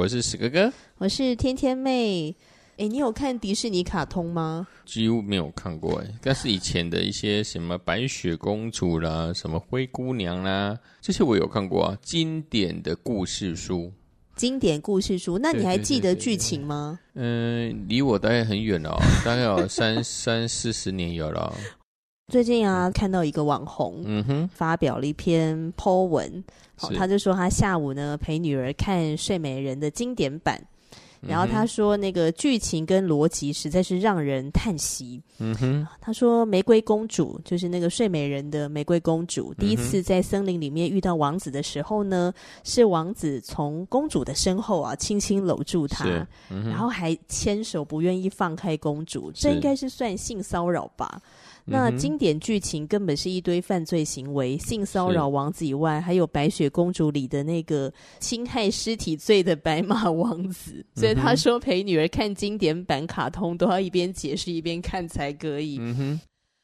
我是史哥哥，我是天天妹。欸、你有看迪士尼卡通嗎？幾乎沒有看過欸、但是以前的一些什麼白雪公主啦，什麼灰姑娘啦，這些我有看過啊。經典的故事書，經典故事書，那你還記得劇情嗎？嗯，呃、離我大概很遠哦， 大概有三三四十年有了，哦。最近啊，看到一個網紅、嗯、哼發表了一篇 po 文，是哦、他就說他下午呢陪女兒看《睡美人》的經典版，嗯、哼然後他說那個劇情跟邏輯實在是讓人嘆息。嗯哼、啊，他說玫瑰公主就是那個《睡美人》的玫瑰公主，嗯、哼第一次在森林裡面遇到王子的時候呢，是王子從公主的身後啊輕輕摟住她，嗯、然後還牽手不願意放開公主，是這應該是算性騷擾吧？那經典劇情根本是一堆犯罪行為，性騷擾王子以外，是還有《白雪公主》裡的那個侵害屍體罪的白馬王子。嗯、哼所以他說，陪女兒看經典版卡通都要一邊解釋一邊看才可以。嗯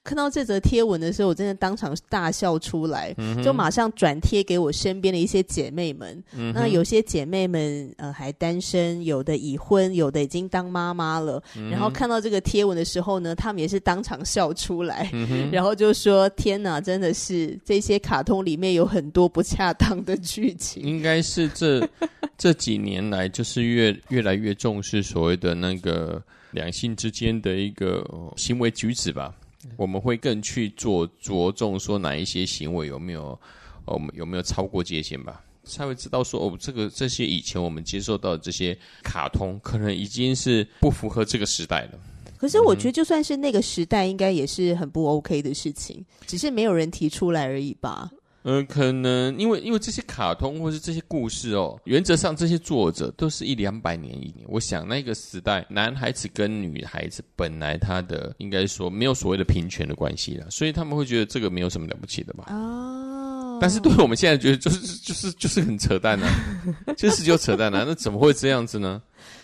看到這則貼文的時候，我真的當場大笑出來，嗯、哼就馬上轉貼給我身邊的一些姐妹們。嗯、哼那有些姐妹們呃還單身，有的已婚，有的已經當媽媽了。嗯、哼然後看到這個貼文的時候呢，她們也是當場笑出來，嗯、哼然後就說：“天哪，真的是這些卡通裡面有很多不恰當的劇情。”應該是這這幾年來，就是越 越來越重視所謂的那個兩性之間的一個行為舉止吧。我們會更去做着重說哪一些行為有沒有，哦有沒有超過界限吧，才會知道說哦這個這些以前我們接受到的這些卡通可能已經是不符合這個時代了。可是我覺得就算是那個時代，應該也是很不 OK 的事情，只是沒有人提出來而已吧。嗯、呃，可能因為因為這些卡通或是這些故事哦，原則上這些作者都是一兩百年一年。我想那個時代，男孩子跟女孩子本來他的應該說沒有所謂的平權的關係啦，所以他們會覺得這個沒有什麼了不起的吧？哦，oh. 但是對我們現在覺得就是就是就是很扯淡吶、啊，就是就扯淡吶、啊，那怎麼會這樣子呢？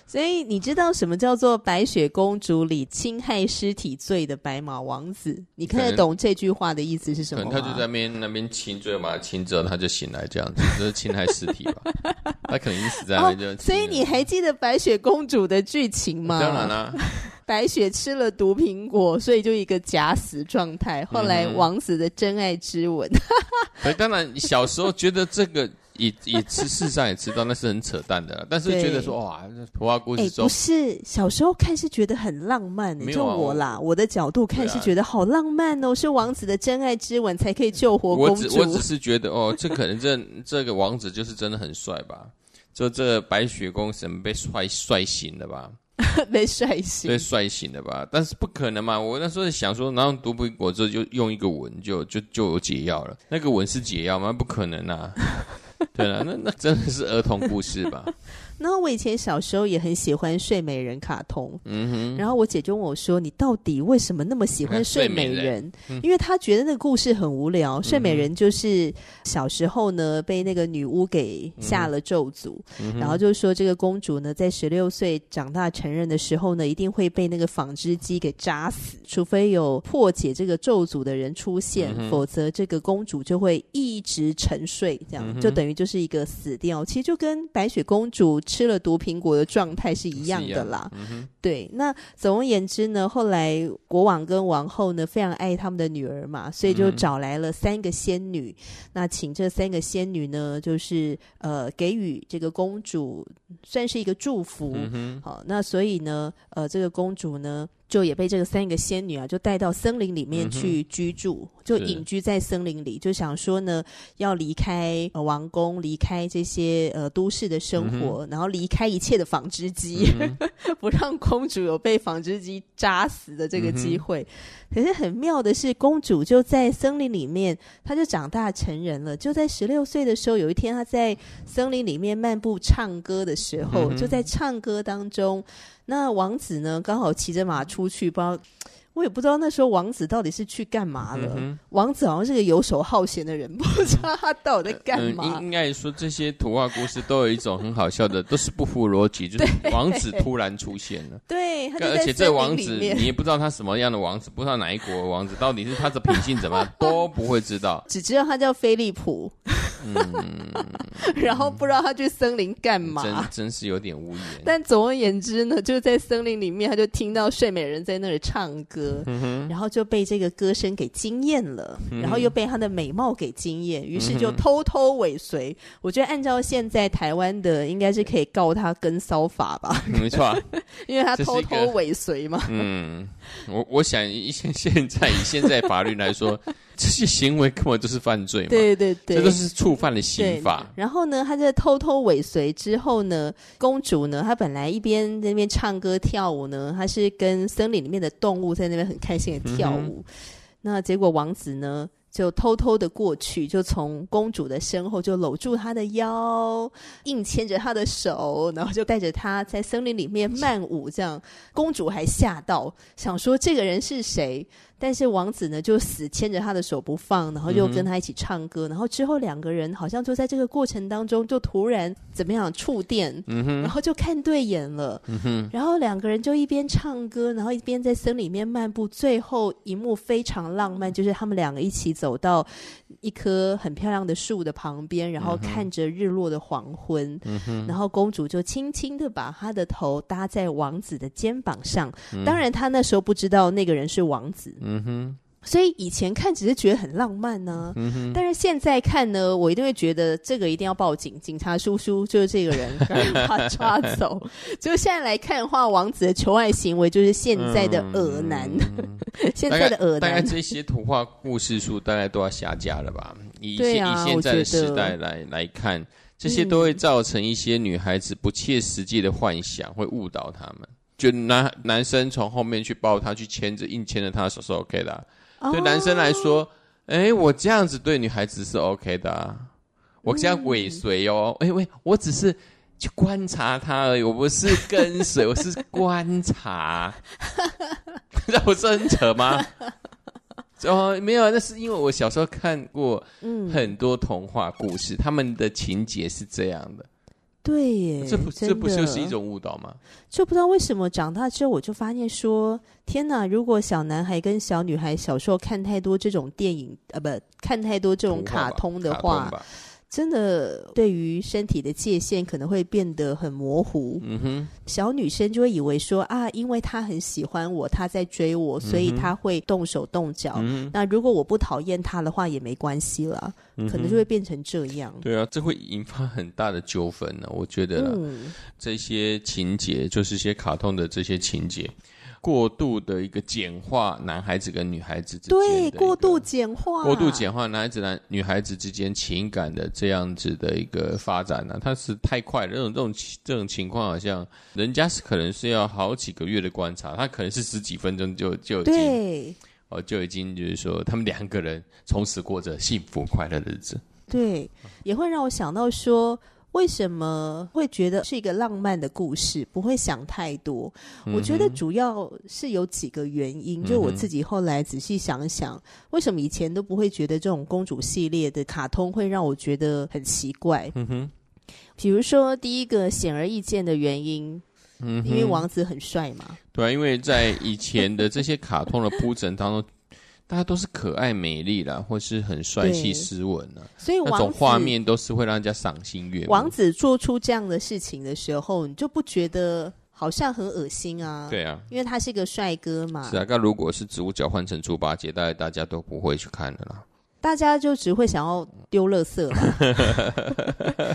所以你知道什麼叫做《白雪公主》裡侵害屍體罪的白馬王子？你看得懂這句話的意思是什麼嗎？他就在邊那邊親，嘴嘛，把他親着，他就醒來這樣子，這，就是侵害屍體吧？ 他可能已經死在那。邊、哦。所以你還記得白雪公主的劇情嗎？當然了， 白雪吃了毒蘋果，所以就一個假死狀態。後來王子的真愛之吻 、欸，當然小時候覺得這個。以以事實上也知道那是很扯淡的，但是覺得說對哇，童話故事中，欸，不是小時候看是覺得很浪漫，就我啦，啊，我的角度看是覺得好浪漫哦，啊，是王子的真愛之吻才可以救活公主，我只我只是覺得哦，這可能這這個王子就是真的很帥吧，就這白雪公主被帥帥醒了吧？ 被帥醒被帥醒了吧？但是不可能嘛，我那時候想說，然後毒蘋果之後就用一個吻就就就有解藥了，那個吻是解藥嗎？不可能啊！ 對了，那那真的是兒童故事吧？ 然後我以前小時候也很喜歡睡美人卡通，嗯哼。然後我姐跟我說：“你到底為什麼那麼喜歡睡美人？”啊睡美人嗯、因為她覺得那個故事很無聊。嗯、哼睡美人就是小時候呢被那個女巫給下了咒詛，嗯、哼然後就說這個公主呢在十六歲長大成人的時候呢一定會被那個紡織機給扎死，除非有破解這個咒詛的人出現，嗯、哼否則這個公主就會一直沉睡，這樣、嗯、哼就等於就是一個死掉。其實就跟白雪公主。吃了毒蘋果的狀態是一樣的啦，嗯、對。那總而言之呢，後來國王跟王后呢非常愛他們的女兒嘛，所以就找來了三個仙女，嗯、哼那請這三個仙女呢，就是呃給予這個公主算是一個祝福。嗯、哼好，那所以呢，呃，這個公主呢。就也被這個三個仙女啊，就帶到森林裡面去居住，嗯、哼就隱居在森林裡，是就想說呢，要離開、呃、王宮，離開這些呃都市的生活，嗯、哼然後離開一切的紡織機，嗯、哼 不讓公主有被紡織機扎死的這個機會。嗯、哼可是很妙的是，公主就在森林裡面，她就長大成人了。就在十六歲的時候，有一天她在森林裡面漫步唱歌的時候，嗯、哼就在唱歌當中，那王子呢？剛好騎着馬出去，不知道，我也不知道那時候王子到底是去幹嘛了。嗯、哼王子好像是個遊手好閒的人，不知道他到底在幹嘛。嗯嗯、應該說這些圖畫故事都有一種很好笑的， 都是不符邏輯，就是王子突然出現了。對，而且這王子你也不知道他什麼樣的王子，不知道哪一國的王子，到底是他的品性怎麼樣 都不會知道，只知道他叫菲利浦。 嗯、然後不知道他去森林幹嘛，嗯、真真是有點無語。但總而言之呢，就在森林裡面，他就聽到睡美人在那裡唱歌，嗯、哼然後就被這個歌聲給驚豔了，嗯、然後又被她的美貌給驚豔，於是就偷偷尾隨。嗯、哼我覺得按照現在台灣的，應該是可以告他跟騷法吧， 沒錯， 因為他偷，偷偷尾隨嘛。嗯。我我想以現現在以現在法律來說， 這些行為根本就是犯罪嘛。對對對，這都是觸犯了刑法。然後呢，他在偷偷尾隨之後呢，公主呢，她本來一邊在那邊唱歌跳舞呢，她是跟森林裡面的動物在那邊很開心的跳舞，嗯哼。那結果王子呢？就偷偷的過去，就從公主的身後就摟住她的腰，硬牽着她的手，然後就帶着她在森林裡面漫舞，這樣公主還嚇到，想說這個人是誰。但是王子呢，就死牽着她的手不放，然後又跟她一起唱歌，嗯、哼然後之後兩個人好像就在這個過程當中，就突然怎麼樣觸電，嗯、哼然後就看對眼了，嗯、哼然後兩個人就一邊唱歌，然後一邊在森林裡面漫步。最後一幕非常浪漫，就是他們兩個一起走到一棵很漂亮的樹的旁邊，然後看着日落的黃昏，嗯、哼然後公主就輕輕的把她的頭搭在王子的肩膀上。嗯、哼當然，她那時候不知道那個人是王子。嗯哼，所以以前看只是覺得很浪漫呢、啊，嗯、哼但是現在看呢，我一定會覺得這個一定要報警，警察叔叔就是這個人，把他 抓走。就現在來看的話，王子的求愛行為就是現在的噁男，嗯嗯嗯嗯、 現在的噁男。大概大概這些圖畫故事書大概都要下架了吧？ 以現、啊、以現在的時代來來看，這些都會造成一些女孩子不切實際的幻想，嗯、會誤導她們。就男男生從後面去抱她，去牽着，硬牽着她手是 OK 的、啊。Oh、對男生來說，哎、欸，我這樣子對女孩子是 OK 的、啊。我這樣尾隨哦，哎喂、mm hmm. 欸欸，我只是去觀察她而已，我不是跟隨， 我是觀察。那 不是很扯嗎？哦， oh, 沒有、啊，那是因為我小時候看過很多童話故事，mm hmm. 他們的情節是這樣的。對耶，這，真的。這不這就是一種誤導嗎？就不知道為什麼長大之後，我就發現說，天哪！如果小男孩跟小女孩小時候看太多這種電影，呃、啊，不看太多這種卡通的話。真的，對於身體的界限，可能會變得很模糊。嗯哼，小女生就會以為說啊，因為她很喜歡我，她在追我，所以她會動手動腳。嗯哼、那如果我不討厭她的話，也沒關係了，可能就會變成這樣、嗯。對啊，這會引發很大的糾紛呢、啊。我覺得這些情節、嗯、就是一些卡通的這些情節。過度的一個簡化，男孩子跟女孩子之間對，過度簡化，過度簡化，簡化男孩子男女孩子之間情感的這樣子的一個發展呢、啊，它是太快了。這種這種這種情況，好像人家是可能是要好幾個月的觀察，他可能是十幾分鐘就就已經，對哦，就已經就是說，他們兩個人從此過着幸福快樂的日子。對，也會讓我想到說。為什麼會覺得是一個浪漫的故事？不會想太多。我覺得主要是有幾個原因，嗯、哼就我自己後來仔細想想，嗯、哼為什麼以前都不會覺得這種公主系列的卡通會讓我覺得很奇怪？嗯哼。比如說，第一個顯而易見的原因，嗯哼，因為王子很帥嘛。對，因為在以前的這些卡通的鋪陳當中。 大家都是可愛、美麗啦，或是很帥氣、斯文啊。所以那種畫面都是會讓人家賞心悅目。王子做出這樣的事情的時候，你就不覺得好像很噁心啊？對啊，因為他是一個帥哥嘛。是啊，那如果是主角換成豬八戒，大概大家都不會去看了啦。大家就只會想要丟垃圾、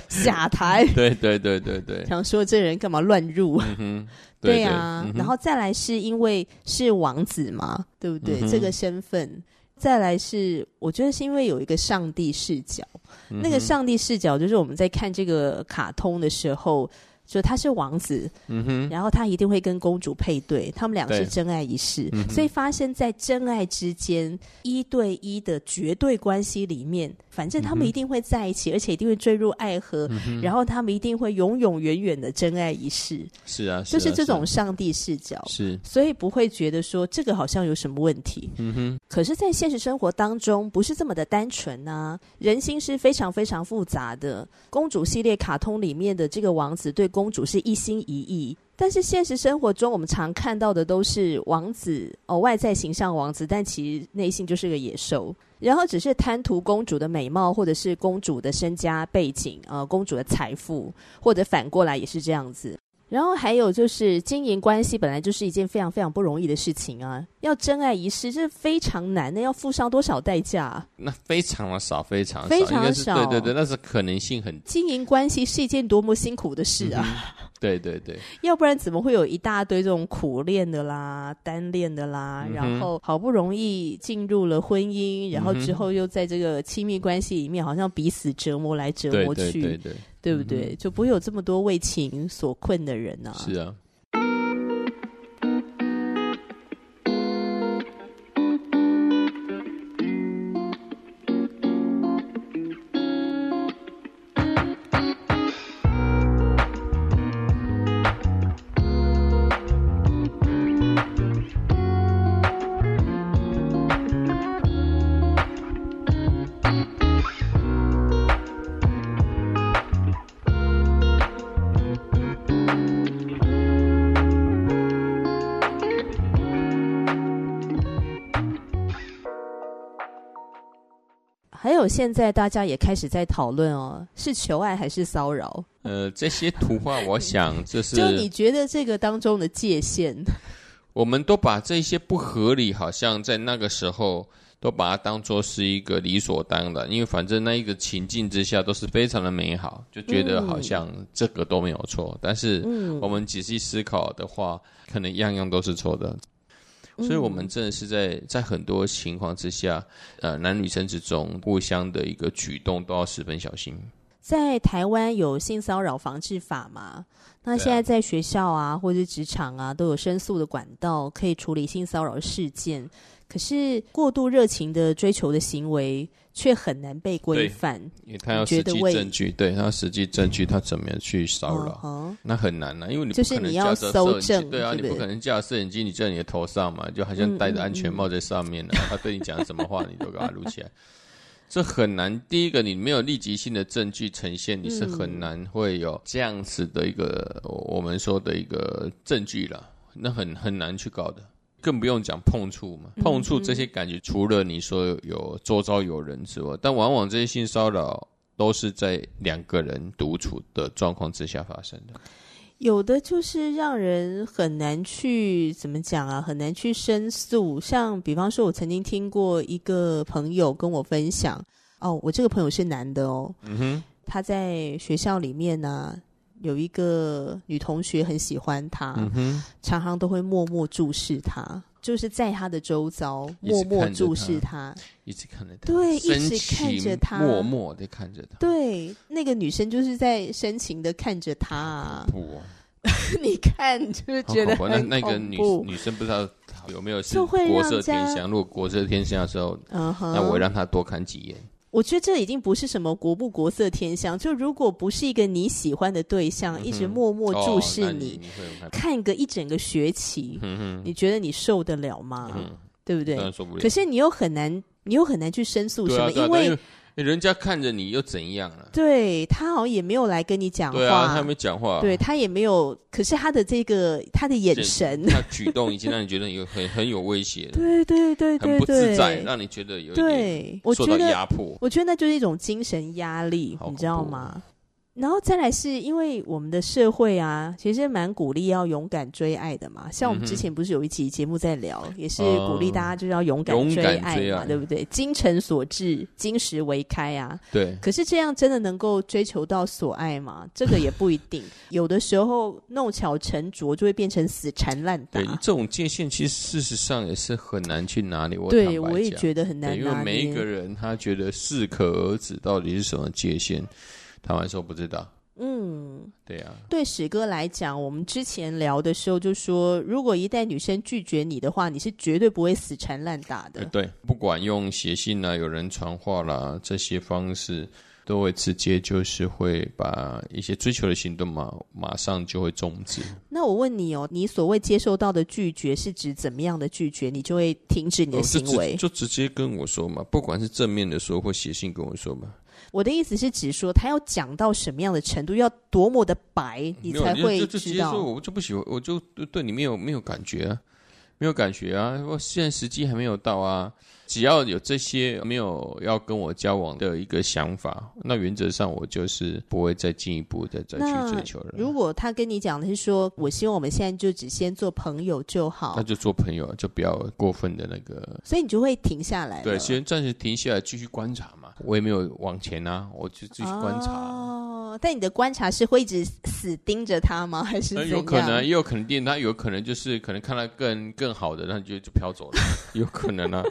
下台， 對對對對對，想說這人幹嘛亂入，嗯。對，對，嗯、對啊，嗯、哼然後再來是因為是王子嘛，對不對？嗯、哼這個身份，再來是我覺得是因為有一個上帝視角，嗯、哼那個上帝視角就是我們在看這個卡通的時候。就他是王子，嗯哼，然後他一定會跟公主配對，他們倆是真愛一世，嗯、所以發生在真愛之間一對一的絕對關係裡面。反正他們一定會在一起，嗯、哼而且一定會墜入愛河，嗯、哼然後他們一定會永永遠遠的真愛一世。是啊，是啊，就是這種上帝視角，是，啊是，啊、是，所以不會覺得說這個好像有什麼問題。嗯哼。可是，在現實生活當中，不是這麼的單純吶、啊，人心是非常非常複雜的。公主系列卡通裡面的這個王子對公主是一心一意，但是現實生活中，我們常看到的都是王子哦，外在形象王子，但其實內心就是個野獸。然後只是貪圖公主的美貌，或者是公主的身家背景啊、呃，公主的財富，或者反過來也是這樣子。然後還有就是經營關係，本來就是一件非常非常不容易的事情啊。要真愛一世，這非常難的，要付上多少代價？那非常少，非常少，非常少，對對對，那是可能性很。經營關係是一件多麼辛苦的事啊！嗯對對對，要不然怎麼會有一大堆這種苦戀的啦、單戀的啦？嗯哼。然後好不容易進入了婚姻，嗯哼。然後之後又在這個親密關係裡面，好像彼此折磨來折磨去，對，對，對，對，對，對不對？嗯哼。就不會有這麼多為情所困的人呢、啊。是啊。現在大家也開始在討論哦，是求愛還是騷擾？呃，這些圖畫，我想就是 就你覺得這個當中的界限，我們都把這些不合理，好像在那個時候都把它當作是一個理所當然，因為反正那一個情境之下都是非常的美好，就覺得好像這個都沒有錯。嗯、但是我們仔細思考的話，可能樣樣都是錯的。所以，我們真的是在，嗯、在，在很多情況之下，呃，男女生之中，互相的一個舉動都要十分小心。在台灣有性騷擾防治法嘛。那現在在學校啊，啊或者是職場啊，都有申訴的管道，可以處理性騷擾事件。可是過度熱情的追求的行為，卻很難被規範。因為他要實際證據，對，他要實際證據，他怎麼樣去騷擾？哦哦、那很難呢、啊，因為你不可能架設攝影機，對啊，的你不可能架攝影機，你架在你的頭上嘛，就好像戴着安全帽在上面呢，嗯嗯嗯、他對你講什麼話， 你都給他錄起來，這很難。第一個，你沒有立即性的證據呈現，嗯、你是很難會有這樣子的一個我們說的一個證據啦，那很很難去搞的。更不用講碰觸嘛，碰觸這些感覺，除了你說有，有周遭有人之外，但往往這些性騷擾都是在兩個人獨處的狀況之下發生的。有的就是讓人很難去怎麼講啊，很難去申訴。像比方說，我曾經聽過一個朋友跟我分享，哦，我這個朋友是男的哦，嗯哼，他在學校裡面呢、啊。有一個女同學很喜歡他，嗯、哼常常都會默默注視他，就是在他的周遭默默注視他，一直看着他，對，一直看着他，默默的看着他。對，那個女生就是在深情的看着他，恐、啊、 你看，就是覺得好好那那個女女生不知道有沒有就會國色天香。如果國色天香的時候，uh huh、那我會讓她多看幾眼。我覺得這已經不是什麼國不國色天香，就如果不是一個你喜歡的對象，嗯、哼一直默默注視你，哦、你你看個一整個學期，嗯、哼你覺得你受得了嗎？嗯、哼對不對？當然受不了。可是你又很難，你又很難去申訴什麼，對啊、對啊、因為。人家看着你又怎樣了、啊？對，他好像也沒有來跟你講話。對啊，他沒講話。對，他也沒有，可是他的這個他的眼神、他舉動，已經讓你覺得有很 很，很有威脅了。對，對對對對對，很不自在，讓你覺得有點受到壓迫我。我覺得那就是一種精神壓力，你知道嗎？然後再來是因為我們的社會啊，其實蠻鼓勵要勇敢追愛的嘛。像我們之前不是有一集節目在聊，嗯、哼也是鼓勵大家就是要勇敢追愛嘛，勇敢追愛對不對？精誠所至，金石為開啊。對。可是這樣真的能夠追求到所愛嗎？這個也不一定。 有的時候弄巧成拙，就會變成死纏爛打。對，這種界限其實事實上也是很難去拿捏。我對，我也覺得很難拿，啊、因為每一個人他覺得適可而止，到底是什麼界限？台灣說不知道，嗯，對啊，對史哥來講，我們之前聊的時候就說，如果一旦女生拒絕你的話，你是絕對不會死纏爛打的。欸、對，不管用寫信啊，有人傳話啦、啊、這些方式，都會直接就是會把一些追求的行動馬馬上就會終止。那我問你哦、喔，你所謂接受到的拒絕是指怎麼樣的拒絕，你就會停止你的行為？哦、就，就直接跟我說嘛，不管是正面的說或寫信跟我說嘛。我的意思是指說他要講到什麼樣的程度，要多麼的白，你才會知道？有就就說，我就不喜歡，我就對你沒有沒有感覺啊，沒有感覺啊，我現在時機還沒有到啊。只要有這些沒有要跟我交往的一個想法，那原則上我就是不會再進一步再再去追求了。如果他跟你講的是說，我希望我們現在就只先做朋友就好，那就做朋友，就不要過分的那個。所以你就會停下來，對，先暫時停下來，繼續觀察嘛。我也沒有往前啊，我就繼續觀察。哦。但你的觀察是會一直死盯着他嗎？還是、嗯？有可能、啊，也有肯定。他有可能就是可能看到更更好的，然後就就飄走了。 有可能啊，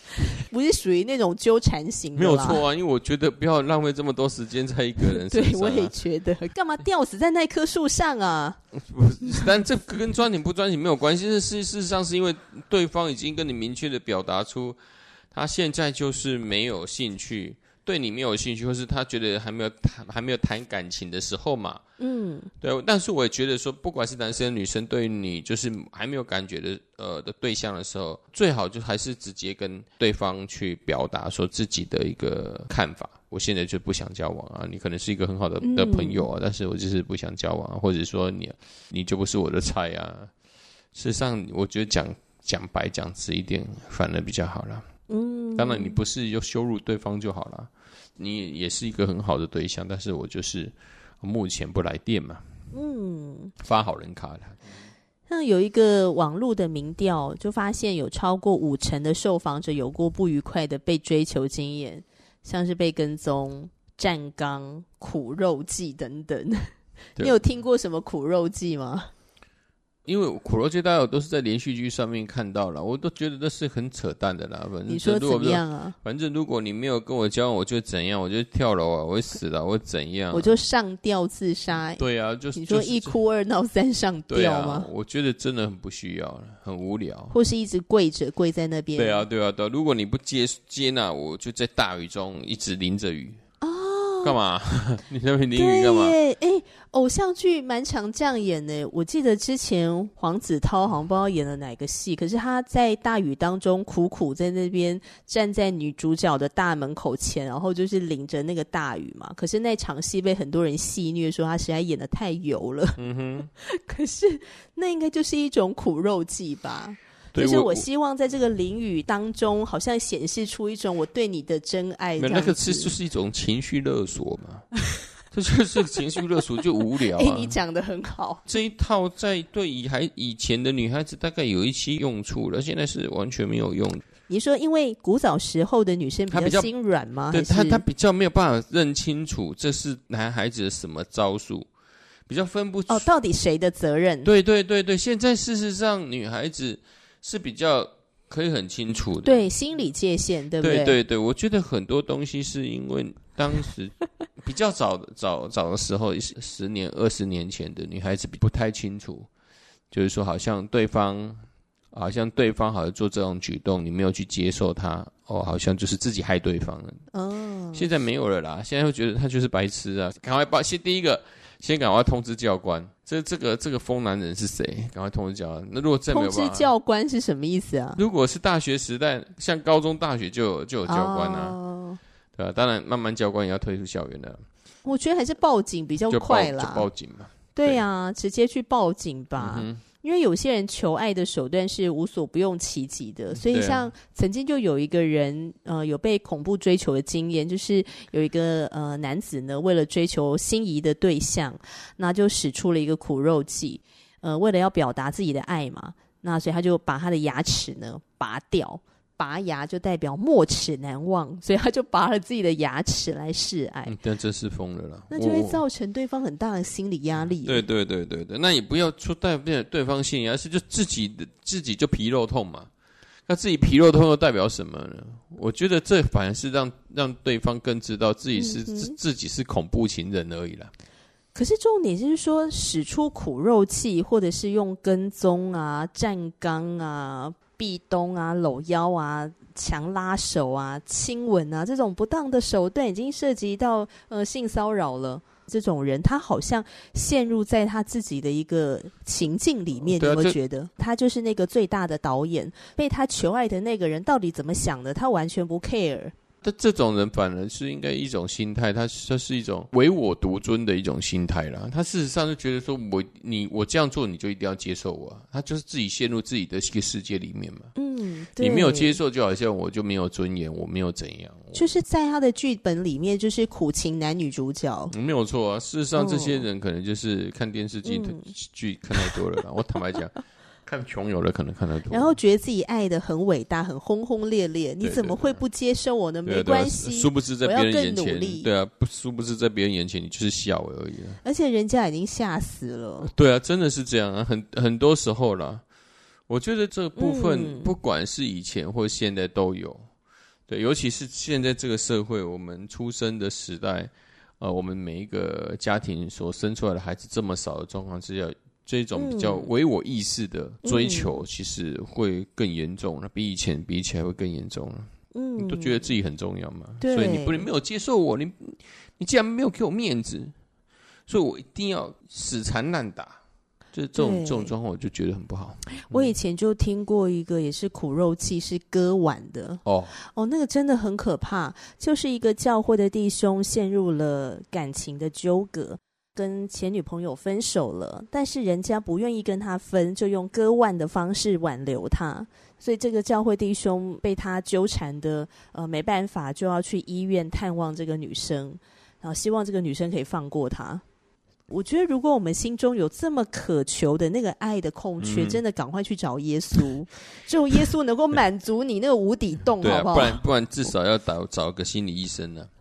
不是屬於那種糾纏型的。沒有錯啊，因為我覺得不要浪費這麼多時間在一個人身上、啊。 對，我也覺得，幹嘛吊死在那棵樹上啊？ 不是，但這跟專情不專情沒有關係。是事事實上是因為對方已經跟你明確的表達出，他現在就是沒有興趣。對你沒有興趣，或是他覺得還沒有談還沒有談感情的時候嘛，嗯，對。但是我也覺得說，不管是男生女生，對於你就是還沒有感覺的呃的對象的時候，最好就還是直接跟對方去表達說自己的一個看法。我現在就不想交往啊，你可能是一個很好的的朋友啊，但是我就是不想交往啊，嗯，或者說你你就不是我的菜啊。事實上，我覺得講講白講直一點，反而比較好了。嗯。當然，你不是要羞辱對方就好了，嗯、你也是一個很好的對象，但是我就是目前不來電嘛。嗯，發好人卡了。那有一個網絡的民調，就發現有超過五成的受訪者有過不愉快的被追求經驗，像是被跟蹤、站崗、苦肉計等等。 對你有聽過什麼苦肉計嗎？因為苦肉計，大家都是在連續劇上面看到了，我都覺得那是很扯淡的啦。反正你說怎麼樣啊？反正如果你沒有跟我交往，我就怎樣？我就跳樓啊，我會死了，我會怎樣啊？我就上吊自殺。對啊，就是你說一哭二鬧三上吊嗎？對啊，我覺得真的很不需要了，很無聊。或是一直跪着跪在那邊，對啊。對啊，對啊，對啊！如果你不接接納我，就在大雨中一直淋着雨。幹嘛？ 你在淋雨幹嘛？哎、欸欸，偶像劇蠻常這樣演的、欸。我記得之前黃子韜好像不知道演了哪個戲，可是他在大雨當中苦苦在那邊站在女主角的大門口前，然後就是淋着那個大雨嘛。可是那場戲被很多人戲虐，說他實在演得太油了。嗯、哼可是那應該就是一種苦肉計吧。其實我希望在這個淋雨當中，好像顯示出一種我對你的真愛。那個其實就是一種情緒勒索嘛， 這就是情緒勒索就無聊、啊。哎、欸，你講得很好，這一套在對以孩以前的女孩子大概有一些用處了，現在是完全沒有用。你說，因為古早時候的女生比較心軟嗎？是對，她她比較沒有辦法認清楚這是男孩子的什麼招數，比較分不清哦，到底誰的責任？對對對對，現在事實上女孩子。是比較可以很清楚的，對，心理界限，對不對？對對對，我覺得很多東西是因為當時比較早的、 早早的時候，十十年、二十年前的女孩子不太清楚，就是說，好像對方，好像對方好像做這種舉動，你沒有去接受他，哦，好像就是自己害對方了。哦，現在沒有了啦，現在會覺得他就是白痴啊，趕快把先第一個。先趕快通知教官，這這個這個瘋男人是誰？趕快通知教官。那如果再……通知教官是什麼意思啊？如果是大學時代，像高中、大學就有就有教官啊。Oh. 對啊，當然，慢慢教官也要退出校園的。我覺得還是報警比較快啦。報，報警嘛。對啊，對，直接去報警吧。嗯因為有些人求愛的手段是無所不用其極的，所以像曾經就有一個人，呃，有被恐怖追求的經驗，就是有一個呃男子呢，為了追求心儀的對象，那就使出了一個苦肉計，呃，為了要表達自己的愛嘛，那所以他就把他的牙齒呢拔掉。拔牙就代表沒齒難忘，所以他就拔了自己的牙齒來示愛。但，嗯嗯、真是瘋了啦！那就會造成對方很大的心理壓力。對，對對對對對，那也不要出代表對方心理壓力，而是就自己自己就皮肉痛嘛。那自己皮肉痛又代表什麼呢？我覺得這反而是讓讓對方更知道自己是，嗯、哼自，自己是恐怖情人而已啦。可是重點是說，使出苦肉計，或者是用跟蹤啊、站崗啊。壁咚啊、摟腰啊、強拉手啊、親吻啊，這種不當的手段已經涉及到呃性騷擾了。這種人他好像陷入在他自己的一個情境裡面，你有沒有覺得他就是那個最大的導演？被他求愛的那個人到底怎麼想的？他完全不 care。但這種人反而是應該一種心態，他他是一種唯我獨尊的一種心態啦。他事實上就覺得說，我你我這樣做，你就一定要接受我啊。他就是自己陷入自己的一個世界裡面嘛。嗯，對。你沒有接受，就好像我就沒有尊嚴，我沒有怎樣。就是在他的劇本裡面，就是苦情男女主角。嗯，沒有錯啊，事實上這些人可能就是看電視劇的劇看太多了吧。嗯。我坦白講。 看窮有的可能看得多，然後覺得自己愛的很偉大，很轟轟烈烈，對對對對，你怎麼會不接受我呢？啊、沒關係、啊，殊不知在別人眼前，對啊，不殊不知在別人眼前，你就是笑而已、啊、而且人家已經嚇死了。對啊，真的是這樣啊，很很多時候了。我覺得這部分、嗯、不管是以前或現在都有，對，尤其是現在這個社會，我們出生的時代，呃，我們每一個家庭所生出來的孩子這麼少的狀況之下。這種比較唯我意識的追求，其實會更嚴重了，比以前比起來會更嚴重了。嗯，你都覺得自己很重要嘛，所以你不能沒有接受我，你你既然沒有給我面子，所以我一定要死纏爛打。這這種這種狀況，我就覺得很不好。對。嗯，我以前就聽過一個，也是苦肉計，是割腕的。哦哦，那個真的很可怕，就是一個教會的弟兄陷入了感情的糾葛。跟前女朋友分手了，但是人家不願意跟他分，就用割腕的方式挽留他。所以這個教會弟兄被他糾纏的呃，沒辦法，就要去醫院探望這個女生，然後希望這個女生可以放過他。我覺得，如果我們心中有這麼渴求的那個愛的空缺，嗯、真的趕快去找耶穌， 只有耶穌能夠滿足你那個無底洞，好不好、啊？不然，不然至少要找找個心理醫生呢、啊。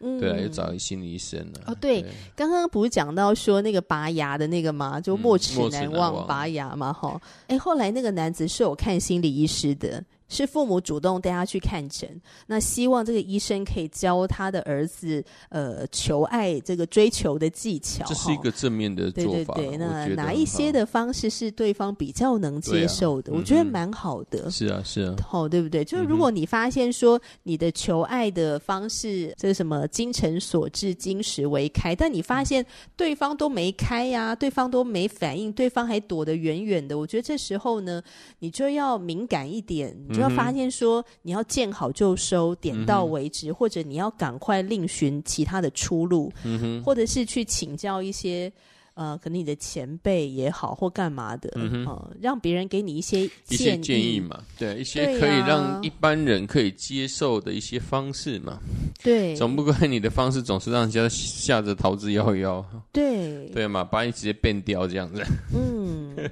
嗯、對、啊，要找一心理醫生了。哦，對，對，剛剛不是講到說那個拔牙的那個嗎？就沒齒難忘、嗯、拔牙嘛，哈。哎，後來那個男子是有看心理醫師的。是父母主動帶他去看診，那希望這個醫生可以教他的兒子呃求愛這個追求的技巧，這是一個正面的做法。對對對，那哪一些的方式是對方比較能接受的？啊、我覺得蠻好的。嗯、是啊，是啊，好、哦，對不對？就是如果你發現說你的求愛的方式，這什麼精誠所至，金石為開，但你發現對方都沒開呀、啊，對方都沒反應，對方還躲得遠遠的，我覺得這時候呢，你就要敏感一點。你要發現說，你要見好就收，點到為止，嗯、哼或者你要趕快另尋其他的出路，嗯、哼或者是去請教一些呃，可能你的前輩也好，或幹嘛的，啊、嗯哼呃，讓別人給你一些建議一些建議嘛，對，一些可以讓一般人可以接受的一些方式嘛，對，總不怪你的方式總是讓人家嚇得逃之夭夭，對，對嘛，把你直接變掉這樣子，嗯。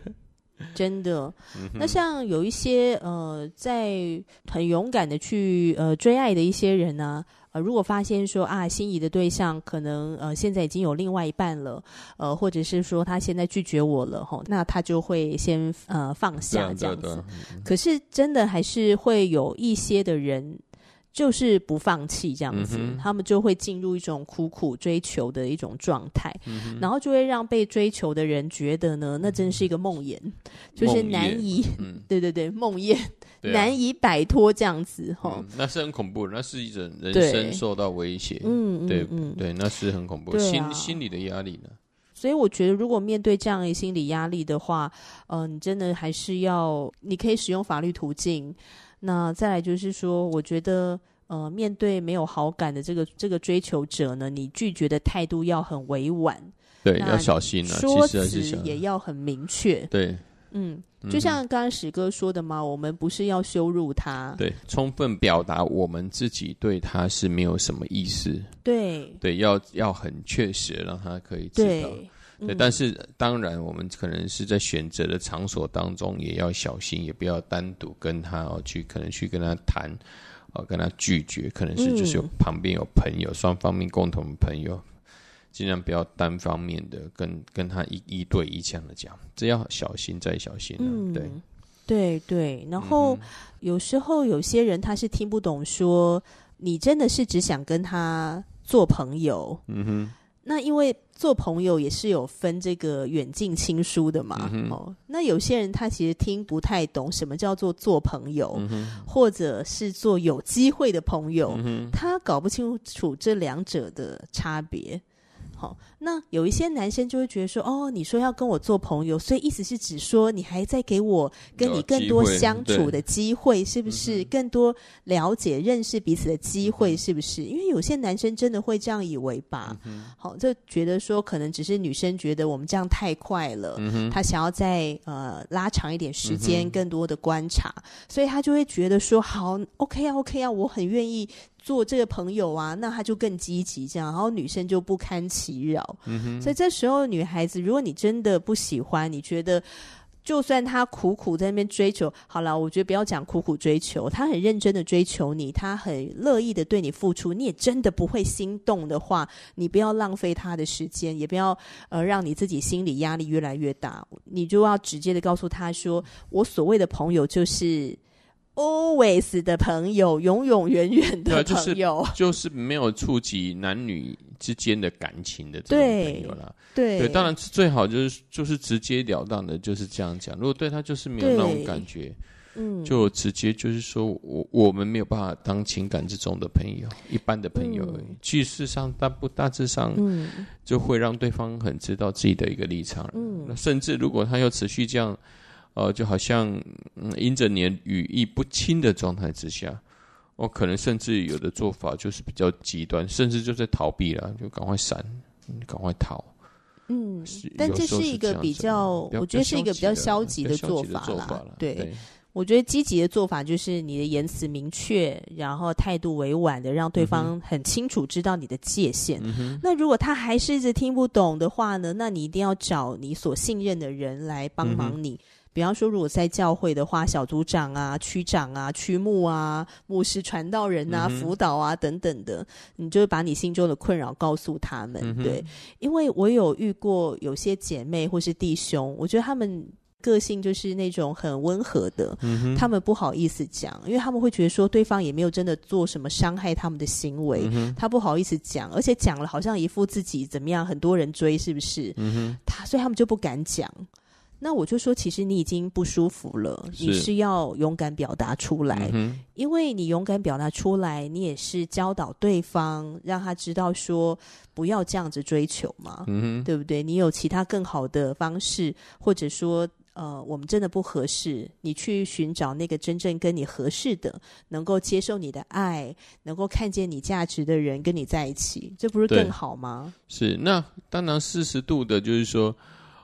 真的，那像有一些呃，在很勇敢的去呃追愛的一些人呢、啊，呃，如果發現說啊心儀的對象可能呃現在已經有另外一半了，呃，或者是說他現在拒絕我了齁，那他就會先呃放下這樣，這樣子。嗯、可是真的還是會有一些的人。就是不放棄這樣子，他們就會進入一種苦苦追求的一種狀態，然後就會讓被追求的人覺得呢，那真是一個夢魘，就是難以，對對對，夢魘難以擺脫這樣子哦，那是很恐怖，那是一種人生受到威脅，嗯，對對，那是很恐怖，心心理的壓力呢。所以我覺得，如果面對這樣的心理壓力的話，嗯，你真的還是要，你可以使用法律途徑。那再來就是說，我覺得，呃，面對沒有好感的這個這個追求者呢，你拒絕的態度要很委婉，對，那要小心了、啊，說辭也要很明確，對，嗯，就像剛剛史哥說的嘛，嗯、我們不是要羞辱他，對，充分表達我們自己對他是沒有什麼意思，對，對，要要很確實讓他可以知道。對。對，但是當然，我們可能是在選擇的場所當中也要小心，也不要單獨跟他、哦、去，可能去跟他談，哦、呃，跟他拒絕，可能是就是有、嗯、旁邊有朋友，雙方面共同的朋友，盡量不要單方面的跟跟他一一對一這樣的講，只要小心再小心、啊。嗯、對對對。然後、嗯、哼、有時候有些人他是聽不懂，說你真的是只想跟他做朋友。嗯哼。那因為做朋友也是有分這個遠近親疏的嘛，嗯、哼哦，那有些人他其實聽不太懂什麼叫做做朋友，嗯、哼或者是做有機會的朋友，嗯、哼他搞不清楚這兩者的差別。好，那有一些男生就會覺得說，哦，你說要跟我做朋友，所以意思是指說，你還在給我跟你更多相處的機會，是不是？更多了解、認識彼此的機會，是不是？嗯哼，因為有些男生真的會這樣以為吧？嗯哼，好，就覺得說，可能只是女生覺得我們這樣太快了，嗯哼，她想要再呃拉長一點時間，更多的觀察，嗯哼，所以她就會覺得說，好，OK 啊，OK 啊，我很願意。做這個朋友啊，那他就更積極，這樣，然後女生就不堪其擾。嗯哼。所以這時候女孩子，如果你真的不喜歡，你覺得就算他苦苦在那邊追求，好了，我覺得不要講苦苦追求，他很認真的追求你，他很樂意的對你付出，你也真的不會心動的話，你不要浪費他的時間，也不要呃讓你自己心理壓力越來越大，你就要直接的告訴他說，我所謂的朋友就是。Always 的朋友，永永遠遠的朋友，啊就是，就是沒有觸及男女之間的感情的這種朋友啦。對，對，對，當然最好就是就是直截了當的就是這樣講。如果對他就是沒有那種感覺，嗯對，就直接就是說我我們沒有辦法當情感之中的朋友，一般的朋友而已，其實事，嗯，實上大不大致上，嗯，就會讓對方很知道自己的一個立場。嗯，那甚至如果他又持續這樣。哦，就好像，嗯、因着你語義不清的狀態之下，我、哦、可能甚至有的做法就是比較極端，甚至就在逃避了，就趕快閃，嗯、趕快逃。嗯，是但這是一個比較，我覺得是一個比較消極的、的做法啦啦對，對我覺得積極的做法就是你的言辭明確，然後態度委婉的，讓對方很清楚知道你的界限。嗯、哼那如果他還是一直聽不懂的話呢？那你一定要找你所信任的人來幫忙你。嗯比方說，如果在教會的話，小組長啊、區長啊、區牧啊、牧師、傳道人啊、嗯、哼輔導啊等等的，你就會把你心中的困擾告訴他們。嗯、哼對，因為我有遇過有些姐妹或是弟兄，我覺得他們個性就是那種很溫和的，嗯、哼他們不好意思講，因為他們會覺得說對方也沒有真的做什麼傷害他們的行為，嗯、哼他不好意思講，而且講了好像一副自己怎麼樣，很多人追，是不是？嗯、哼他所以他們就不敢講。那我就說，其實你已經不舒服了。是你是要勇敢表達出來，嗯哼，因為你勇敢表達出來，你也是教導對方，讓他知道說不要這樣子追求嘛，嗯哼，對不對？你有其他更好的方式，或者說，呃，我們真的不合適，你去尋找那個真正跟你合適的，能夠接受你的愛，能夠看見你價值的人跟你在一起，這不是更好嗎？是，那當然四十度的，就是說。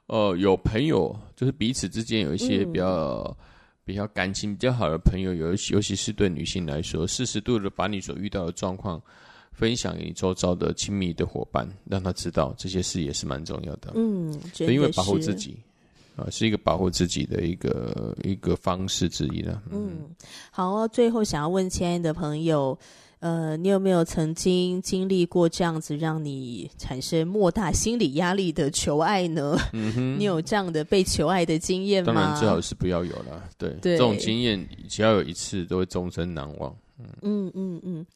哦、呃，有朋友，就是彼此之間有一些比較、嗯、比較感情比較好的朋友，尤其尤其是對女性來說，適時度的把你所遇到的狀況分享給你周遭的親密的夥伴，讓他知道這些事也是蠻重要的。嗯，是因為保護自己啊、呃，是一個保護自己的一個一個方式之一啦。嗯，嗯，好哦，最後想要問親愛的朋友。嗯呃，你有沒有曾經經歷過這樣子讓你產生莫大心理壓力的求愛呢？嗯、哼你有這樣的被求愛的經驗嗎？當然，最好是不要有了。對，對這種經驗，只要有一次，都會終身難忘。嗯嗯嗯嗯。嗯嗯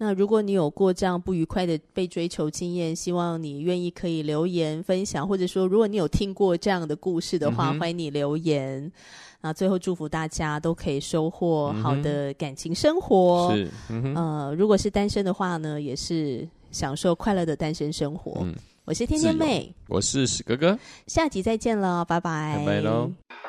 那如果你有過這樣不愉快的被追求經驗，希望你願意可以留言分享，或者說如果你有聽過這樣的故事的話，嗯、哼歡迎你留言。那最後祝福大家都可以收穫好的感情生活。嗯、是，嗯、呃，如果是單身的話呢，也是享受快樂的單身生活。嗯、我是天天妹，我是史哥哥，下集再見了，拜拜，拜拜嘍。